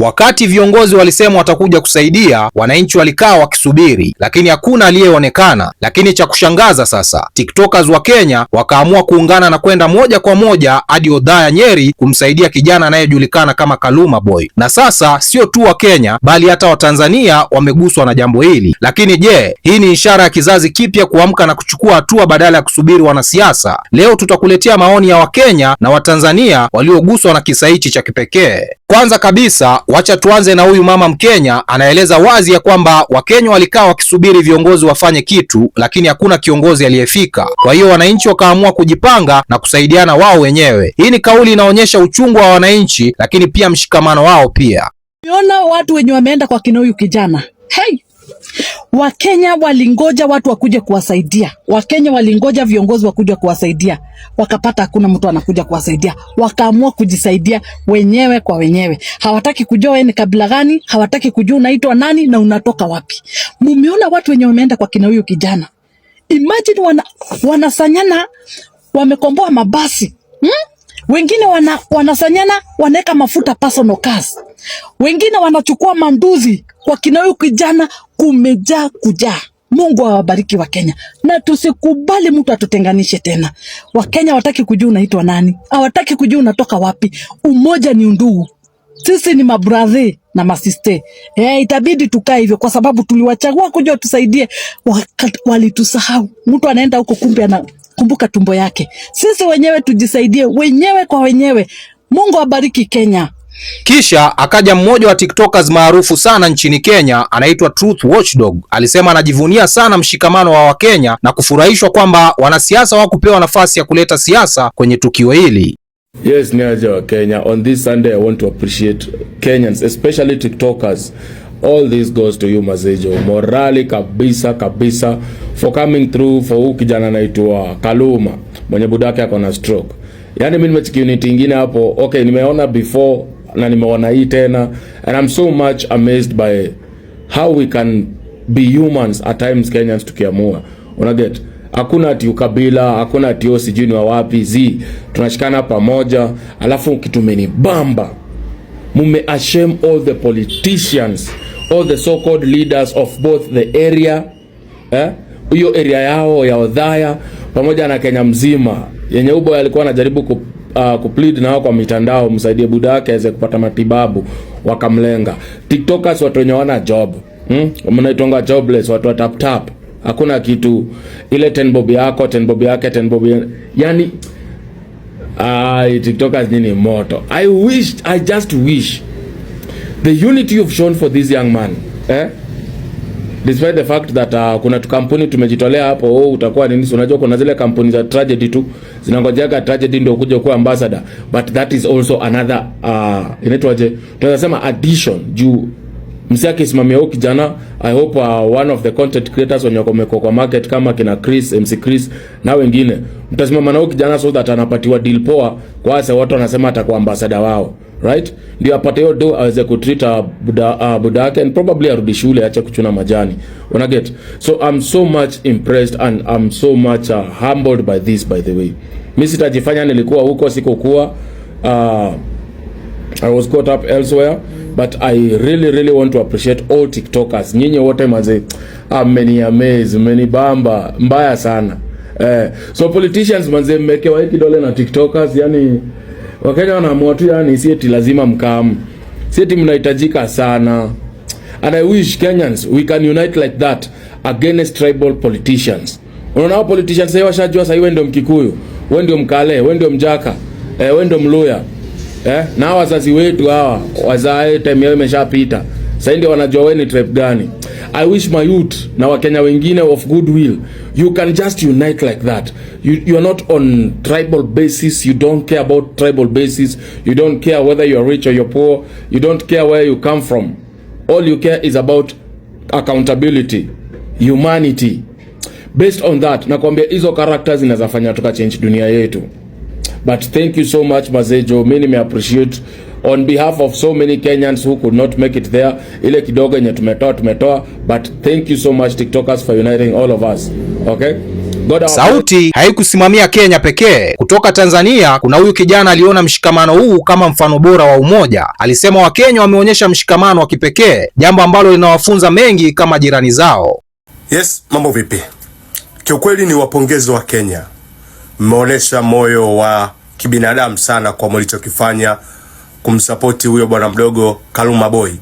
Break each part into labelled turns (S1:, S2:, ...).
S1: Wakati viongozi walisema watakuja kusaidia, wananchi walikaa wakisubiri, lakini hakuna aliyeonekana. Lakini cha kushangaza sasa, TikTokers wa Kenya wakaamua kuungana na kwenda moja kwa moja hadi Odhaa ya Nyeri kumsaidia kijana anayejulikana kama Kaluma Boy. Na sasa sio tu wa Kenya bali hata Watanzania wameguswa na jambo hili. Lakini je, hii ni ishara ya kizazi kipya kuamka na kuchukua hatua badala ya kusubiri wanasiasa? Leo tutakuletea maoni ya Wakenya na Watanzania walioguswa na kisa hichi cha kipekee. Kwanza kabisa wacha tuanze na huyu mama Mkenya. Anaeleza wazi ya kwamba Wakenya walikaa wakisubiri viongozi wafanye kitu, lakini hakuna kiongozi aliyefika. Kwa hiyo wananchi wakaamua kujipanga na kusaidiana wao wenyewe. Hii ni kauli inaonyesha uchungu wa wananchi, lakini pia mshikamano wao. Pia
S2: umeona watu wenye wameenda kwa kina huyu kijana hey! Wakenya walingoja watu wakuja kuwasaidia. Wakenya walingoja viongozi wakuja kuwasaidia, wakapata hakuna mtu anakuja kuwasaidia, wakaamua kujisaidia wenyewe kwa wenyewe. Hawataki kujua wewe ni kabila gani, hawataki kujua unaitwa nani na unatoka wapi. Mumeona watu wenye wameenda kwa kina huyu kijana, imagine wana, wanasanyana, wamekomboa mabasi hmm? Wengine wana, wanasanyana wanaweka mafuta personal cars, wengine wanachukua manduzi kwa kina huyu kijana kumejaa kujaa. Mungu awabariki Wakenya na tusikubali mtu atutenganishe tena. Wakenya hawataki kujua unaitwa nani, hawataki kujua unatoka wapi. Umoja ni undugu, sisi ni mabradhi na masiste. Eh, itabidi tukae hivyo kwa sababu tuliwachagua kuja tusaidie. Walitusahau, mtu anaenda huko kumbe anakumbuka tumbo yake. Sisi wenyewe tujisaidie wenyewe kwa wenyewe. Mungu awabariki Kenya.
S1: Kisha akaja mmoja wa TikTokers maarufu sana nchini Kenya anaitwa Truth Watchdog, alisema anajivunia sana mshikamano wa Wakenya na kufurahishwa kwamba wanasiasa hawakupewa nafasi ya kuleta siasa kwenye tukio hili.
S3: Yes, niaje wa Kenya. On this Sunday I want to appreciate Kenyans, especially TikTokers. All this goes to you Mazejo. Morali kabisa kabisa for coming through for huyu kijana anaitwa Kaluma mwenye budake ako na stroke. Yaani mimi nimechikia unit nyingine hapo. Okay, nimeona before na nimeona hii tena, and I'm so much amazed by how we can be humans at times Kenyans tukiamua, una get hakuna ati ukabila, hakuna ati wewe oh, sijui ni wa wapi zi, tunashikana pamoja. Alafu kitu bamba mume ashame all the politicians, all the so called leaders of both the area eh, hiyo area yao ya Odhaya pamoja na Kenya mzima yenye ubo alikuwa anajaribu ku uh, kuplead na kwa mitandao, msaidie buda yake aweze kupata matibabu, wakamlenga. TikTokers, watu wenye wana job hmm? mnaitonga jobless, watu wa tap tap, hakuna kitu. Ile tenbob yako bob yake ten bob yani Ay, TikTokers nini moto. I wish, I just wish the unity you've shown for this young man. Eh? despite the fact that uh, kuna tu kampuni tumejitolea hapo, oh, utakuwa nini? Unajua kuna zile kampuni za tragedy tu zinangojaga tragedy ndio kuja kuwa ambassador, but that is also another uh, inaitwaje, tunaweza sema addition juu msia kisimamia huyu kijana I hope uh, one of the content creators wenye wameko kwa market kama kina Chris MC Chris na wengine mtasimama na huyu kijana so that anapatiwa deal poa, kwa sababu watu wanasema atakuwa ambassador wao right, ndio apate hiyo do aweze kutreat uh, buda uh, buda yake and probably arudi shule, aache kuchuna majani, una get. So I'm so much impressed and I'm so much uh, humbled by this. By the way, Mi sitajifanya nilikuwa huko sikokuwa. Uh, I was caught up elsewhere but I really really want to appreciate all TikTokers. Nyinyi wote maze ameni ah, amaze, meni bamba mbaya sana. Eh, so politicians manze mmekewa hiki kidole na TikTokers yani Wakenya wanaamua tu yani, si eti lazima mkamu, si eti mnahitajika sana. And I wish Kenyans we can unite like that against tribal politicians. Unaona hao politicians sasa washajua sasa, wewe ndio Mkikuyu, wewe ndio Mkale, wewe ndio Mjaka, eh, wewe ndio Mluya. Eh, na wazazi wetu hawa wazae time yao imeshapita. Sasa ndio wanajua wewe ni tribe gani. I wish my youth na Wakenya wengine of goodwill, you can just unite like that. You, are not on tribal basis. You don't care about tribal basis. You don't care whether are rich or you're poor. You don't care where you come from. All you care is about accountability, humanity. Based on that, nakwambia hizo characters zinazafanya tuka change dunia yetu. But thank you so much Mazejo. Mimi nime appreciate on behalf of so many Kenyans who could not make it there. Ile kidogo yenye tumetoa tumetoa, but thank you so much TikTokers for uniting all of us. Okay?
S1: Sauti haikusimamia Kenya pekee. Kutoka Tanzania kuna huyu kijana aliona mshikamano huu kama mfano bora wa umoja. Alisema Wakenya wameonyesha mshikamano wa kipekee, jambo ambalo linawafunza mengi kama jirani zao.
S4: Yes, mambo vipi? Kiukweli ni wapongezi wa Kenya, mmeonyesha moyo wa kibinadamu sana kwa mlichokifanya kumsapoti huyo bwana mdogo Kaluma Boy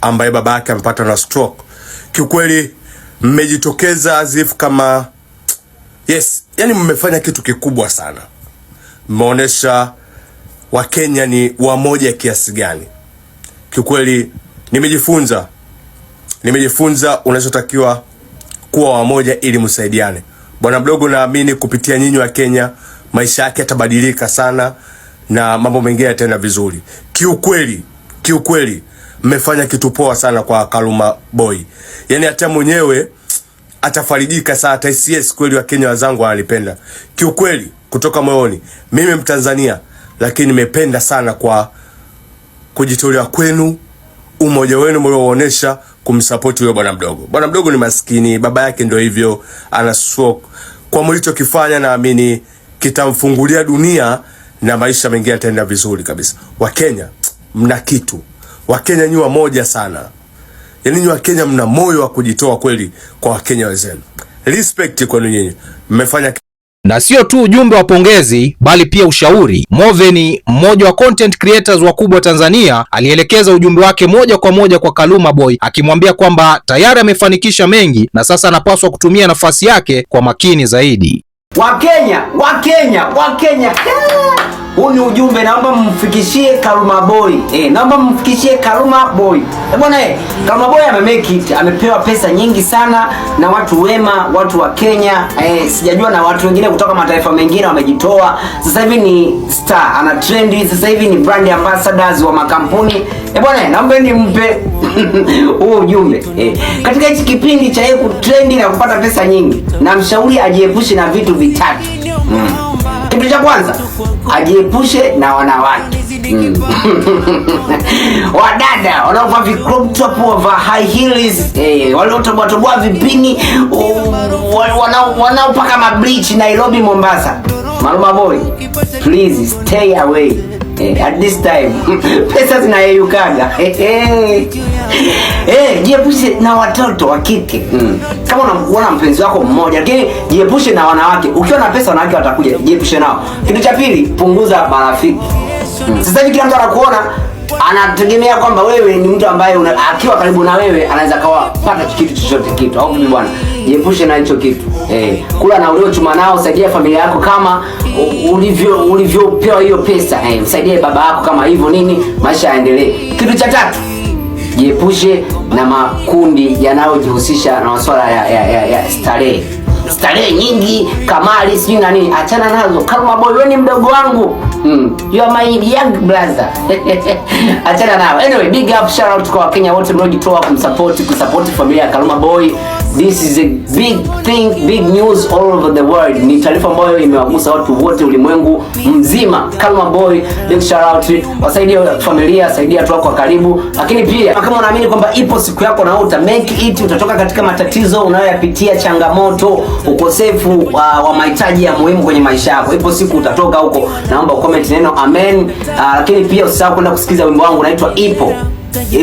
S4: ambaye baba yake amepata na stroke. Kiukweli mmejitokeza azifu kama yes, yani mmefanya kitu kikubwa sana, mmeonesha Wakenya ni wamoja kiasi gani. Kiukweli nimejifunza nimejifunza unachotakiwa kuwa wamoja ili msaidiane. Bwana mdogo, naamini kupitia nyinyi wa Kenya maisha yake yatabadilika sana na mambo mengine yataenda vizuri. Kiukweli, kiukweli mmefanya kitu poa sana kwa Kaluma Boy, yaani hata mwenyewe atafarijika sana, atahisi kweli wa Kenya wazangu wanalipenda. kiukweli, kutoka moyoni. Mimi Mtanzania, lakini nimependa sana kwa kujitolea kwenu, umoja wenu mlioonesha kumsapoti huyo bwana mdogo. Bwana mdogo ni maskini, baba yake ndio hivyo, anasua kwa mlichokifanya, naamini kitamfungulia dunia na maisha mengine yataenda vizuri kabisa. Wakenya mna kitu, Wakenya nyua moja sana, yaani nyua Wakenya mna moyo wa kujitoa kweli kwa Wakenya wenzenu, respect kwenu nyinyi, mmefanya
S1: na sio tu ujumbe wa pongezi bali pia ushauri. Moveni, mmoja wa content creators wakubwa Tanzania, alielekeza ujumbe wake moja kwa moja kwa Kaluma Boy akimwambia kwamba tayari amefanikisha mengi na sasa anapaswa kutumia nafasi yake kwa makini zaidi.
S5: Wakenya, Wakenya, Wakenya ni ujumbe, naomba mfikishie Karuma Boy eh, naomba mfikishie Karuma Boy eh bwana eh, Karuma Boy ame make it, amepewa pesa nyingi sana na watu wema, watu wa Kenya eh, sijajua na watu wengine kutoka mataifa mengine wamejitoa. Sasa hivi ni star, ana trendi sasa hivi ni brand ambassadors wa makampuni eh bwana eh, naomba ni mpe huo ujumbe eh, katika hichi kipindi cha yeye kutrendi na kupata pesa nyingi, namshauri ajiepushe na vitu vitatu mm. Kitu cha kwanza ajiepushe na wanawake mm. wadada wanaovaa crop top, wavaa high heels eh, waliotoboa vipini, wanaopaka mableach Nairobi, Mombasa. Maruma boy, please stay away. Eh, at this time pesa zinayeyukaga eh, eh. jiepushe na watoto wa kike mm. Kama unamkuona mpenzi wako mmoja, lakini jiepushe na wanawake. Ukiwa na pesa, wanawake watakuja, jiepushe nao. Kitu cha pili, punguza marafiki mm. Sasa hivi kila mtu anakuona anategemea kwamba wewe ni mtu ambaye una, akiwa karibu na wewe anaweza kawa pata kitu chochote kitu au vipi bwana. Jiepushe na hicho kitu eh, kula na ulio chuma nao, saidia familia yako kama ulivyo ulivyopewa hiyo pesa eh, msaidie baba yako kama hivyo nini, maisha yaendelee. Kitu cha tatu, jiepushe na makundi yanayojihusisha na masuala ya, ya, ya, ya starehe, starehe nyingi, kamari sijui na nini, achana nazo. Kama boy, wewe ni mdogo wangu Hmm. You are my young brother. Achana nao. Anyway, big up shout out kwa Wakenya wote mnaojitoa kumsupport, kusupport familia ya Kaluma Boy. This is a big thing, big news all over the world. Ni taarifa ambayo imewagusa watu wote ulimwengu mzima. Kalma Boy, big shout out. wasaidia familia, saidia watu wako karibu. Lakini pia kama unaamini kwamba ipo siku yako na uta make it, utatoka katika matatizo unayoyapitia, changamoto, ukosefu wa, wa mahitaji ya muhimu kwenye maisha yako, ipo siku utatoka huko. Naomba ucomment neno amen. Uh, lakini pia usisahau kwenda kusikiza wimbo wangu unaitwa Ipo.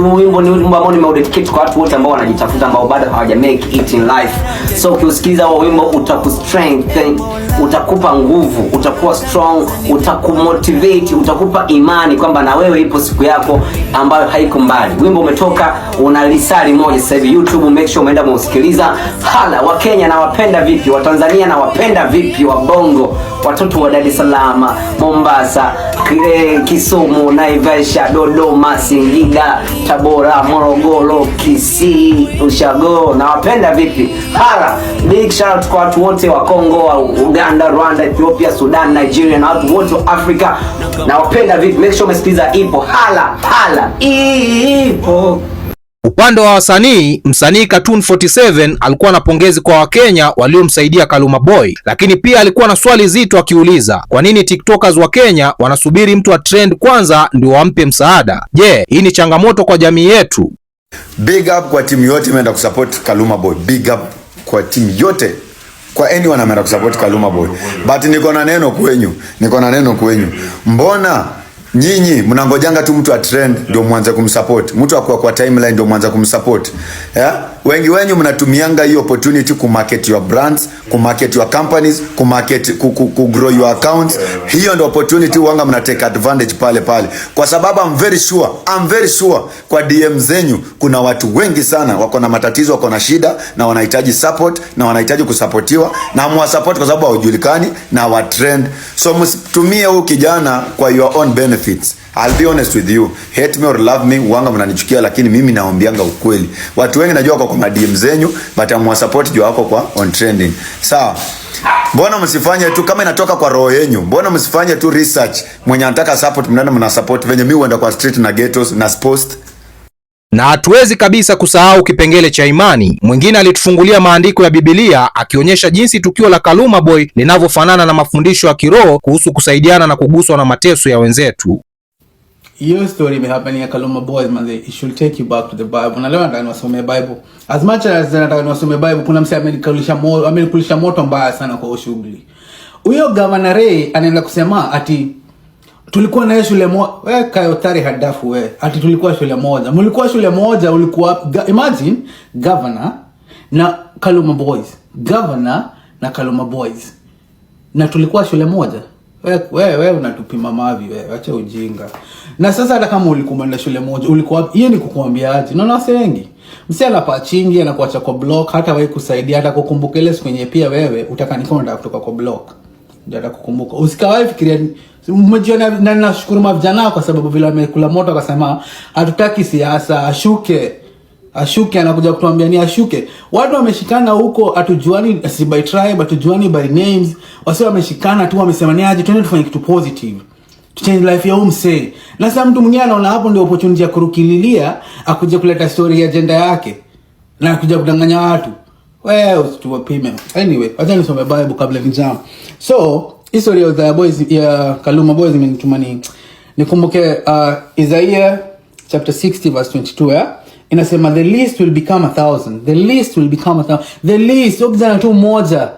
S5: Huu wimbo ni wimbo ambao nimeudedicate kwa watu wote ambao wanajitafuta ambao bado make it in life. So ukiusikiliza huo wimbo utakustrengthen utakupa nguvu, utakuwa strong, utakumotivate, utakupa imani kwamba na wewe ipo siku yako ambayo haiko mbali. Wimbo umetoka, una lisali moja sasa hivi YouTube, make sure umeenda kumsikiliza. Hala, wa Kenya na wapenda vipi, wa Tanzania na wapenda vipi, wa Bongo, watoto wa Dar es Salaam, Mombasa, Kisumu, Naivasha, Dodoma, Singida, Tabora, Morogoro, Kisii, Ushago, na wapenda vipi? Hala, big shout kwa watu wote wa Kongo, wa Uganda Uganda, Rwanda, Ethiopia, Sudan, Nigeria na watu wote wa Afrika nawapenda vipi. Make sure umesikiliza ipo hala hala ipo.
S1: Upande wa wasanii, msanii Cartoon 47 alikuwa na pongezi kwa Wakenya waliomsaidia Kaluma Boy, lakini pia alikuwa na swali zito akiuliza, kwa nini TikTokers wa Kenya wanasubiri mtu wa trend kwanza ndio wampe msaada? Je, yeah, hii ni changamoto kwa jamii yetu?
S4: Big up kwa timu yote imeenda kusupport Kaluma Boy. Big up kwa timu yote kwa anyone ameenda kusupport Kaluma Boy. But niko na neno kwenyu, niko na neno kwenyu. Mbona nyinyi mnangojanga tu mtu trend ndio mwanze kumsupport? Mtu akua kwa timeline ndio mwanze kumsupport. Yeah? wengi wenyu mnatumianga hiyo opportunity ku market your brands, ku market your companies, ku market ku, ku, ku grow your accounts. Hiyo ndio opportunity wanga mna take advantage pale pale, kwa sababu I'm very sure, I'm very sure kwa DM zenyu kuna watu wengi sana wako na matatizo, wako na shida na wanahitaji support na wanahitaji kusapotiwa na mwa support, kwa sababu haujulikani na wa trend. So msitumie huu kijana kwa your own benefits. I'll be honest with you. Hate me or love me, wanga mnanichukia lakini mimi naombianga ukweli. Watu wengi najua kwa kwa DM zenyu, but I'm support jua wako kwa on trending. Sawa. Mbona msifanye tu kama inatoka kwa roho yenu? Mbona msifanye tu research? Mwenye anataka support mnaenda mna support venye mimi huenda kwa street na ghettos na post.
S1: Na hatuwezi kabisa kusahau kipengele cha imani. Mwingine alitufungulia maandiko ya Biblia akionyesha jinsi tukio la Kaluma Boy linavyofanana na mafundisho ya kiroho kuhusu kusaidiana na kuguswa na mateso ya wenzetu
S6: hiyo story imehapenia kaluma boys manze, it should take you back to the Bible. Na leo nataka niwasomee Bible as much as nataka niwasomee Bible. Kuna msee amenikulisha moto, amenikulisha moto mbaya sana kwa shughuli huyo. Governor Ray anaenda kusema ati tulikuwa naye shule moja. Wewe Kayotari hadafu wewe, ati tulikuwa shule moja, mlikuwa shule moja, ulikuwa imagine governor na kaluma boys, governor na kaluma boys, na tulikuwa shule moja wewe we, we, unatupima mavi wewe, acha ujinga. Na sasa hata kama ulikumana shule moja, ulikuwa hiyo ni kukuambia kukuambiaje? naona wase wengi msi anapachingi anakuacha kwa block, hata wewe kusaidia, hata kukumbuka ile siku yenyewe pia wewe utakanikonda kutoka kwa block, ndio atakukumbuka. Usikawahi fikiria umejiona. Na nashukuru mavijana kwa sababu vile wamekula moto, akasema hatutaki siasa ashuke Ashuke anakuja kutuambia ni Ashuke. Watu wameshikana huko, hatujuani si by tribe, hatujuani by names. wasio wameshikana tu, wamesemaniaje, twende tufanye kitu positive. Change life ya umse. Na sasa mtu mwingine anaona hapo ndio opportunity ya kurukililia, akuja kuleta story ya agenda yake. Na akuja kudanganya watu. Wewe usiwapime. Anyway, acha nisome Bible kabla jam. So, history of the boys ya Kaluma boys imenituma ni nikumbuke uh, Isaiah chapter 60 verse 22 ya. Yeah? inasema the least will become a thousand, the least will become a thousand, the least ukizana tu moja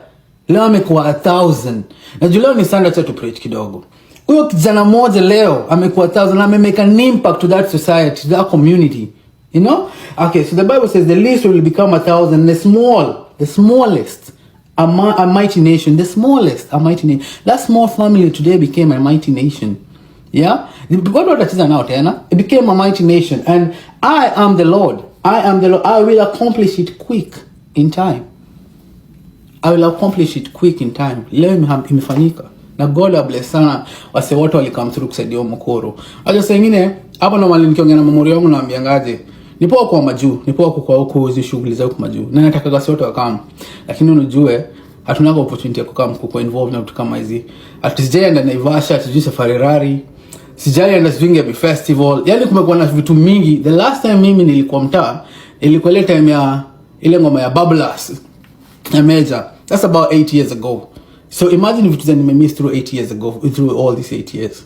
S6: leo amekuwa a thousand. na juu leo ni standard cha tu preach kidogo. Huyo kijana mmoja leo amekuwa a thousand na amemake an impact to that society, to that community. You know? Okay, so the Bible says the least will become a thousand, the small, the smallest a, a mighty nation, the smallest a mighty nation. That small family today became a mighty nation. Yeah, God watacheza nao tena. It became a mighty nation and I am the Lord. I am the Lord. I will accomplish it quick in time. I will accomplish it quick in time. Leo imefanyika na God bless sana wase wote walikam through kusaidia mkoro. Acha saa nyingine hapa na mali nikiongea na mamori wangu naambia ngaje. Ni poa kwa majuu, ni poa kwa huko hizo shughuli za huko majuu. Na nataka gasi wote wakamu. Lakini unajue hatuna opportunity ya kukaa mkuko involved na vitu kama hizi. Atusijaenda Naivasha, atujui safari rari sijali enda swing ya Festival, yani kumekuwa na vitu mingi. The last time mimi nilikuwa mtaa ilikuwa ile time ya ile ngoma ya Bablas ya Major, that's about 8 years ago. So imagine vitu za miss through 8 years ago, through all these 8 years.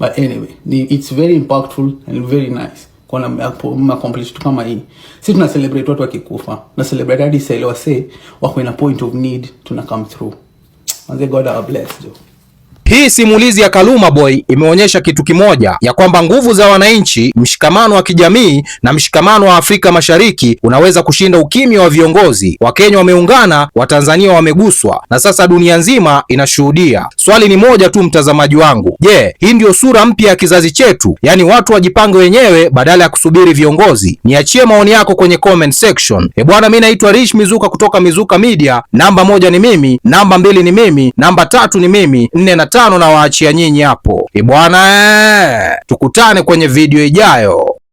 S6: But anyway, ni, it's very impactful and very nice kuona makomplish tu kama hii. Si tuna celebrate watu wakikufa, na celebrate hadi sale wase wako in a point of need, tuna come through. Manze God bless you.
S1: Hii simulizi ya Kaluma Boy imeonyesha kitu kimoja, ya kwamba nguvu za wananchi, mshikamano wa kijamii na mshikamano wa Afrika Mashariki unaweza kushinda ukimya wa viongozi. Wakenya wameungana, Watanzania wameguswa, na sasa dunia nzima inashuhudia. Swali ni moja tu, mtazamaji wangu, je, yeah, hii ndiyo sura mpya ya kizazi chetu? Yaani watu wajipange wenyewe badala ya kusubiri viongozi? Niachie maoni yako kwenye comment section. E bwana, mi naitwa Rich Mizuka kutoka Mizuka Media. Namba moja ni mimi, namba mbili ni mimi, namba tatu ni mimi, nne na tano na waachia nyinyi hapo. Ibwana, tukutane kwenye video ijayo.